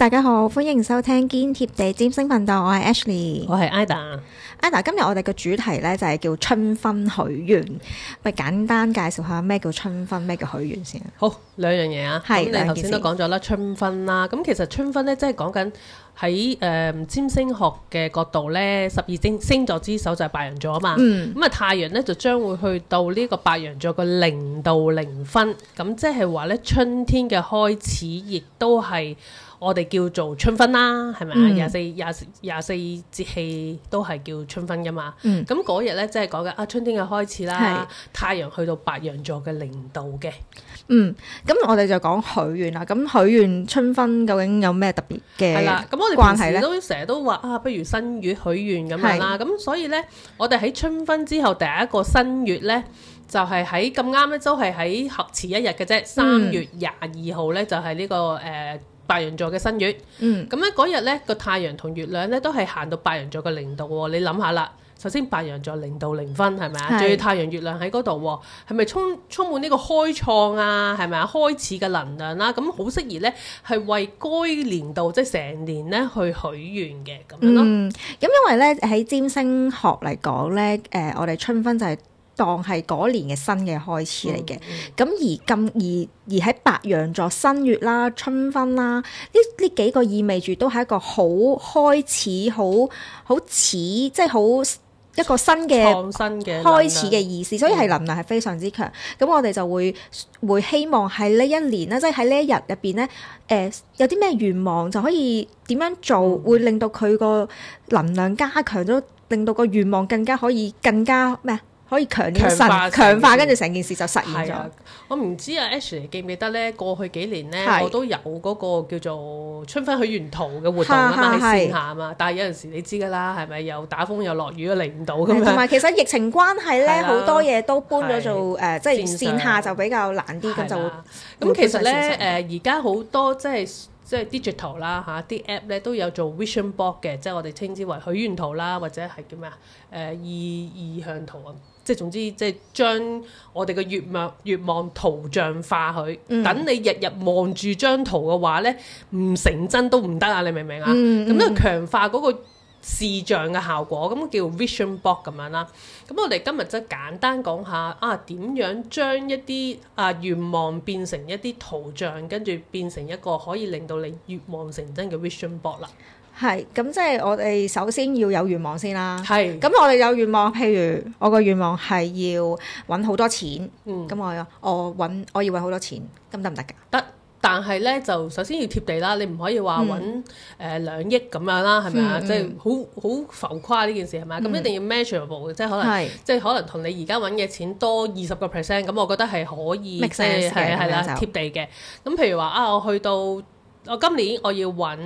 大家好，歡迎收聽堅貼地占星頻道，我係 Ashley，我係 Ida，Ida，今日我哋嘅主題呢就係叫春分許願，喂，簡單介紹下咩叫春分，咩叫許願先啊？好，兩樣嘢啊，咁是你頭先都講咗啦，春分啦，咁其實春分呢，即係講緊。喺誒、呃、占星學嘅角度咧，十二星星座之首就係白羊座啊嘛，咁啊、嗯、太陽咧就將會去到呢個白羊座嘅零度零分，咁即係話咧春天嘅開始，亦都係我哋叫做春分啦，係咪啊？廿四廿廿四節氣都係叫春分㗎嘛，咁嗰、嗯、日咧即係講緊啊春天嘅開始啦，係太陽去到白羊座嘅零度嘅，嗯，咁我哋就講許願啦，咁許願春分究竟有咩特別嘅？係啦，咁、嗯 平時都成日都話啊，不如新月許願咁樣啦，咁是所以呢，我哋喺春分之後第一個新月呢，就係喺咁啱呢都係喺合遲一日嘅啫。三月廿二號呢，就係、是、呢、呢個誒、呃、白羊座嘅新月。嗯，咁咧嗰日呢，個太陽同月亮呢，都係行到白羊座嘅零度，你諗下啦。首先白羊座零度零分係咪啊？仲要是太陽月亮喺嗰度，係咪充充滿呢個開創啊？係咪啊，開始嘅能量啦？咁好適宜咧，係為該年度即係成年咧去許願嘅咁樣咯。嗯，咁因為咧喺占星學嚟講咧，誒、呃、我哋春分就係當係嗰年嘅新嘅開始嚟嘅。咁、嗯嗯、而咁而而喺白羊座新月啦、春分啦，呢呢幾個意味住都係一個好開始，好好似即係好。一個新嘅創新嘅開始嘅意思，所以係能量係非常之強。咁、嗯、我哋就會會希望喺呢一年咧，即係喺呢一日入邊咧，誒、呃、有啲咩願望就可以點樣做，嗯、會令到佢個能量加強咗，令到個願望更加可以更加咩？可以強化強化，跟住成件事就實現咗。我唔知啊，Ashley 記唔記得咧？過去幾年咧，我都有嗰個叫做春分許願圖嘅活動啊，但係線下啊嘛。但係有陣時你知噶啦，係咪又打風又落雨都嚟唔到咁樣。同埋其實疫情關係咧，好多嘢都搬咗做誒，即係線下就比較難啲咁就。咁其實咧誒，而家好多即係即係 digital 啦嚇，啲 app 咧都有做 vision board 嘅，即係我哋稱之為許願圖啦，或者係叫咩啊？誒意意向圖啊。即係總之，即係將我哋嘅願望、願望圖像化佢。等你日日望住張圖嘅話咧，唔成真都唔得啊！你明唔明啊？咁啊、嗯嗯、強化嗰個視像嘅效果，咁叫 vision board 咁樣啦。咁我哋今日即係簡單講下啊，點樣將一啲啊願望變成一啲圖像，跟住變成一個可以令到你願望成真嘅 vision board 啦。係，咁即係我哋首先要有願望先啦。係， 咁我哋有願望，譬如我個願望係要揾好多錢。嗯，咁我我揾我要揾好多錢，咁得唔得噶？得、嗯，但係咧就首先要貼地啦，你唔可以話揾誒兩億咁樣啦，係咪啊？即係好好浮誇呢件事係咪？咁、嗯、一定要 measurable，即係可能是即係可能同你而家揾嘅錢多二十個 percent，咁我覺得係可以嘅，係啦，呃、貼地嘅。咁譬如話啊，我去到。我今年我要揾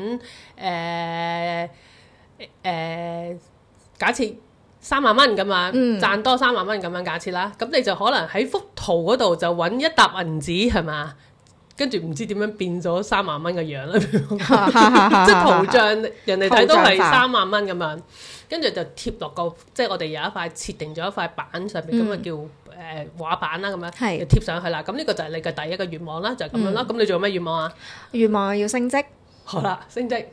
誒誒，假設三萬蚊咁樣，嗯、賺多三萬蚊咁樣，假設啦，咁你就可能喺幅圖嗰度就揾一沓銀紙係嘛？跟住唔知點樣變咗三萬蚊嘅樣啦，即係圖像人哋睇到係三萬蚊咁樣，跟住就貼落個即係我哋有一塊設定咗一塊板上面咁啊叫。嗯誒、呃、畫板啦咁樣，是貼上去啦。咁呢個就係你嘅第一個願望啦，就係、是、咁樣啦。咁、嗯、你做有咩願望啊？願望要升職。好啦，升職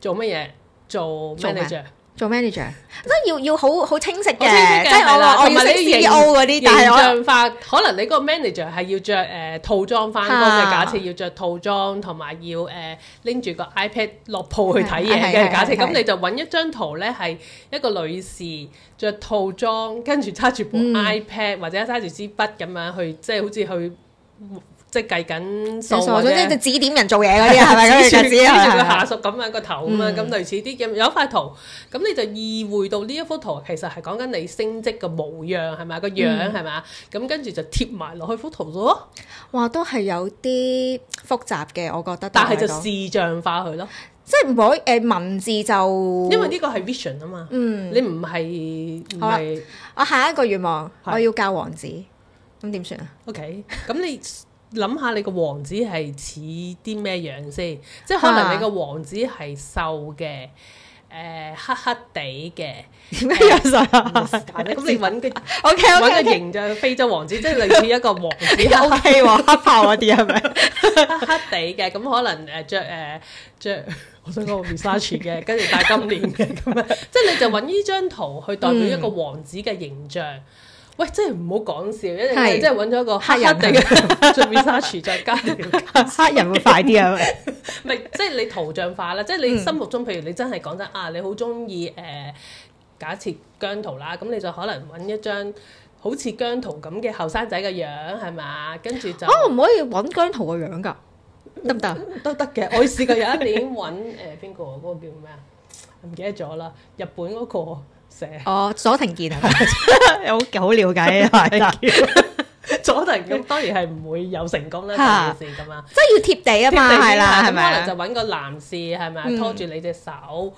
做乜嘢？做 manager 做 manager，都要要好好清晰嘅，清晰即係我我有我要做 C E O 嗰啲，但係我可能你嗰個 manager 係要着誒、uh, 套裝翻工，即係、啊、假設要着套裝，同埋要誒拎住個 iPad 落鋪去睇嘢嘅假設設，咁你就揾一張圖咧，係一個女士着套裝，跟住揸住部 iPad、嗯、或者揸住支筆咁樣去，即係好似去。去去去即係計緊數啊！即係指點人做嘢嗰啲係咪咁嘅日子啊？係啊！指住佢下屬咁樣個頭啊嘛，咁類似啲嘅有塊圖咁，你就意會到呢一幅圖其實係講緊你升職嘅模樣係咪啊個樣係咪啊？咁跟住就貼埋落去幅圖度咯。哇！都係有啲複雜嘅，我覺得。但係就視像化佢咯，即係唔可以誒文字就因為呢個係 vision 啊嘛。嗯，你唔係唔係我下一個願望，我要教王子。咁點算啊？OK，咁你。.諗下你個王子係似啲咩樣先？即係可能你個王子係瘦嘅，誒、呃、黑黑地嘅點樣晒？咁、呃、 你揾個 OK 揾個形象非洲王子，okay, okay. 即係類似一個王子 OK 黑豹嗰啲係咪？黑黑 黑地嘅咁可能誒著誒著，呃呃、 我想講 Versace 嘅， 跟住戴金鏈嘅咁樣，即係你就揾呢張圖去代表一個王子嘅形象。嗯。喂，真係唔好講笑，因為你真一定係即係揾咗個黑人，最面沙廚再加條 黑人會快啲啊？係 即係你圖像化啦，即係你心目中，譬如你真係講真啊，你好中意誒假設姜濤啦，咁、嗯、你就可能揾一張好似姜濤咁嘅後生仔嘅樣係咪？跟住就哦，唔可，可以揾姜濤嘅樣㗎，得唔得？嗯、都得嘅，我試過有一年揾誒邊個嗰、嗰個叫咩啊？唔記得咗啦，日本嗰、嗰個。哦，佐藤健啊，有好了解啊，佐藤健，佐藤健當然係唔會有成功咧，件事咁嘛。即係要貼地啊嘛，係啦，係咪啊？就揾個男士係咪，拖住你隻手，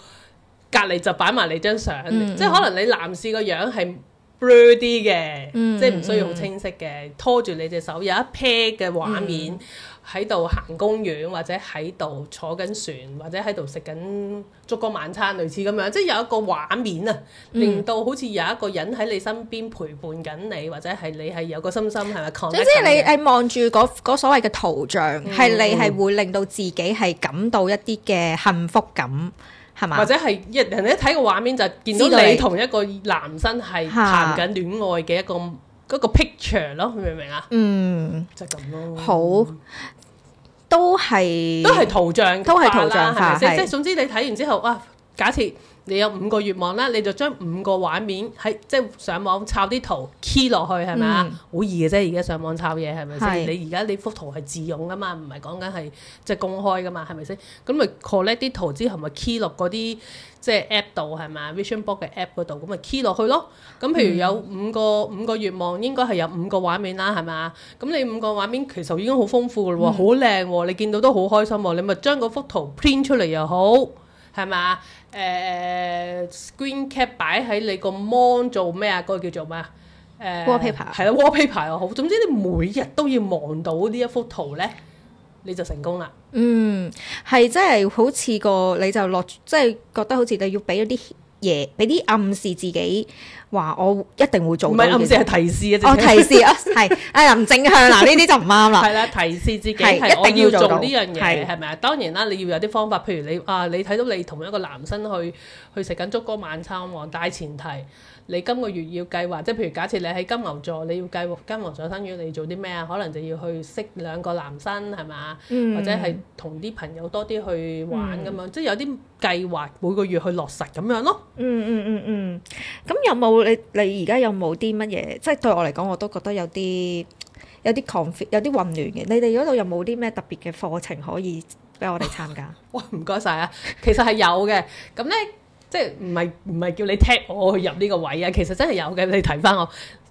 隔籬就擺埋你張相，即係可能你男士個樣係 blur 啲嘅，即係唔需要好清晰嘅，拖住你隻手有一 pair 嘅畫面。喺度行公園，或者喺度坐緊船，或者喺度食緊燭光晚餐，類似咁樣，即係有一個畫面啊，嗯、令到好似有一個人喺你身邊陪伴緊你，或者係你係有個心心係咪？總之你望住嗰所謂嘅圖像，係、嗯、你係會令到自己係感到一啲嘅幸福感，係嘛？或者係人一睇個畫面就見到你，你同一個男生係談緊戀愛嘅一個、啊。嗰個 picture 咯，明唔明啊？嗯，就係咁咯。好，都係都係圖像，都係圖像，係咪先？即係是總之你睇完之後，哇！假設。你有五個願望啦，你就將五個畫面喺即係上網抄啲圖 key 落去係咪啊？好、嗯、易嘅啫，而家上網抄嘢係咪先？是你而家你幅圖係自用噶嘛，唔係講緊係即係公開噶嘛，係咪先？咁咪 collect 啲圖之後咪 key 落嗰啲即係 app 度係咪啊？VisionBook 嘅 app 嗰度咁咪 key 落去咯。咁譬如有五個、嗯、五個願望，應該係有五個畫面啦，係咪啊？咁你五個畫面其實已經好豐富嘅喎，好靚喎，你見到都好開心喎、啊，你咪將嗰幅圖 print 出嚟又好。係咪？誒、呃、screen cap 擺喺你個 mon 做咩啊？嗰、那個叫做咩啊？誒、呃，係啦，wallpaper 又好，paper，總之你每日都要望到呢一幅圖咧，你就成功啦。嗯，係真係好似個你就落，即、就、係、是、覺得好似你要俾一啲。嘢俾啲暗示自己話我一定會做唔係暗示係提示啊！ 哦、提示 啊，係啊！林正向嗱、啊，呢啲就唔啱啦。係啦、 啊，提示自己係我要做呢樣嘢，係咪啊？當然啦，你要有啲方法，譬如你啊，你睇到你同一個男生去去食緊燭光晚餐喎，但係前提你今個月要計劃，即係譬如假設你喺金牛座，你要計劃金牛座新月你做啲咩啊？可能就要去識兩個男生係咪，嗯、或者係同啲朋友多啲去玩咁樣，嗯、即係有啲計劃每個月去落實咁樣咯。嗯嗯嗯嗯，咁、嗯嗯嗯、有冇你你而家有冇啲乜嘢？即係對我嚟講，我都覺得有啲有啲 conflict，有啲混亂嘅。你哋嗰度有冇啲咩特別嘅課程可以俾我哋參加？哦。哇，唔該晒啊！其實係有嘅，咁咧 即係唔係唔係叫你踢我去入呢個位啊！其實真係有嘅，你提翻我，誒、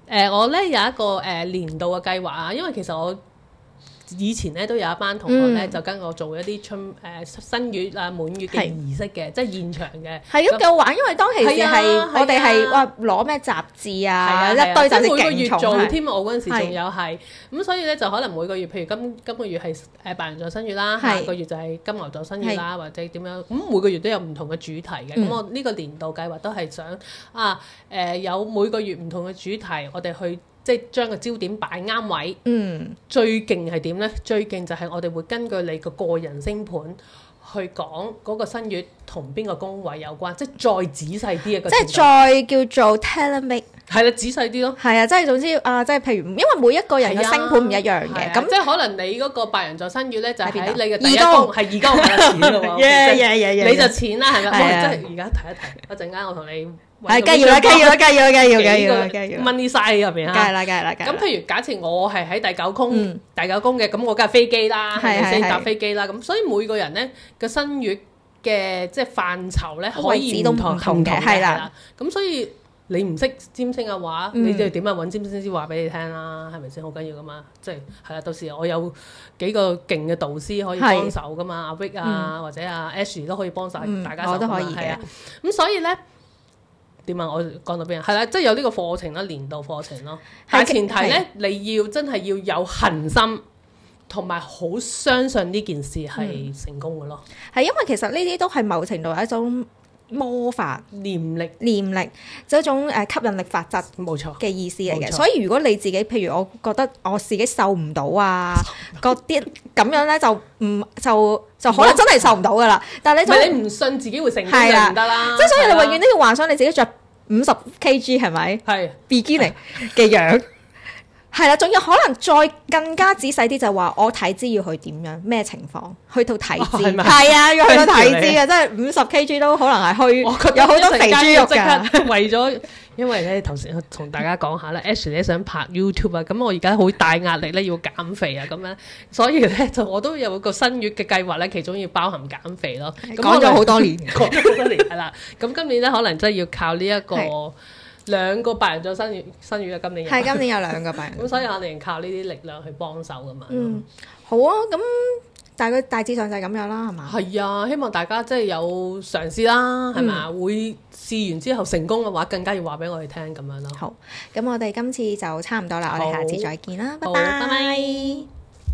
呃，我咧有一個誒、呃、年度嘅計劃啊，因為其實我。以前咧都有一班同學咧就跟我做一啲春誒新月啊滿月嘅儀式嘅，即係現場嘅。係咁夠玩，因為當其時係我哋係話攞咩雜誌啊，啊，一堆雜誌勁重添。我嗰陣時仲有係咁，所以咧就可能每個月，譬如今今個月係白羊座新月啦，下個月就係金牛座新月啦，或者點樣咁，每個月都有唔同嘅主題嘅。咁我呢個年度計劃都係想啊誒有每個月唔同嘅主題，我哋去。即係將個焦點擺啱位，嗯、最勁係點呢？最勁就係我哋會根據你個個人星盤去講嗰個新月同邊個宮位有關，即係再仔細啲一、嗯、個。即係再叫做 tailor-made。係啦，仔細啲咯。係啊，即係總之啊，即係譬如，因為每一個人嘅星盤唔一樣嘅，咁即係可能你嗰個白羊座新月咧就喺你嘅二宮，係二宮，你就錢啦，係咪？即係而家睇一睇，一陣間我同你係梗要啦，梗要啦，梗要啦，梗要梗要梗要，問你晒入邊吓。咁譬如假設我係喺第九宮，第九宮嘅，咁我梗係飛機啦，係先搭飛機啦。咁所以每個人咧嘅新月嘅即係範疇咧可以唔同嘅，係啦。咁所以。你唔識占星嘅話，你都要點啊？揾占星師話俾你聽啦，係咪先好緊要噶嘛？即係係啊，到時我有幾個勁嘅導師可以幫手噶嘛？阿 Vick 啊，嗯、或者阿、啊、Ash 都可以幫晒大家手都、嗯、可以嘅。咁、啊嗯、所以咧點啊？我講到邊啊？係啦，即係有呢個課程啦，年度課程咯。的但係前提咧，你要真係要有恒心，同埋好相信呢件事係成功嘅咯。係、嗯、因為其實呢啲都係某程度係一種。魔法念力，念力就一種誒吸引力法則，冇錯嘅意思嚟嘅。錯所以如果你自己，譬如我覺得我自己受唔到啊，嗰啲咁樣咧就唔就就可能真係受唔到噶啦。麼但係你唔係麼你唔信自己會成，係啦，即係所以你永遠都要幻想你自己着五十 kg 係咪？係 bikini 嘅樣。 係啦，仲有可能再更加仔細啲，就話我體脂要去點樣咩情況？去到體脂，係啊，要去到體脂啊，謝謝即係五十 kg 都可能係去有好多肥豬肉噶。刻為咗， 因為咧頭先同大家講下啦 a s, Ashley 你想拍 YouTube 啊，咁我而家好大壓力咧，要減肥啊，咁樣，所以咧就我都有個新月嘅計劃咧，其中要包含減肥咯。講咗好多年，講咗好多年係啦，咁今年咧可能真係要靠呢、這、一個。兩個白羊做生魚，生魚啊，今年有 今年有兩個白羊。咁 所以我哋靠呢啲力量去幫手噶嘛。嗯，好啊，咁大概大致上就係咁樣啦，係嘛？係啊，希望大家即係有嘗試啦，係咪啊？嗯、會試完之後成功嘅話，更加要話俾我哋聽咁樣咯。好，咁我哋今次就差唔多啦，好我哋下次再見啦，拜拜好。Bye bye